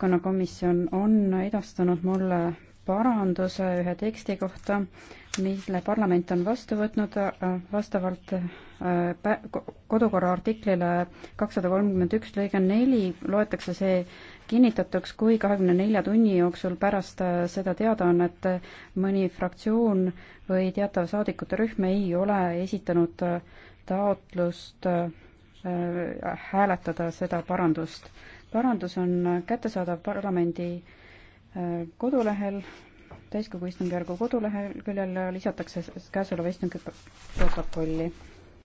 keskkonnakomisjon on edastanud mulle paranduse ühe teksti kohta, mille parlament on vastu võtnud äh, vastavalt äh, kodukorra artiklile kakssada kolmkümmend üks lõige neli, loetakse see kinnitatuks, kui kahekümne nelja tunni jooksul pärast äh, seda teadaannet mõni fraktsioon või teatav saadikute rühm ei ole esitanud taotlust Äh, hääletada seda parandust. parandus on kättesaadav parlamendi äh, kodulehel, täiskogu istungjärgu koduleheküljel lisatakse käesoleva istungi protokolli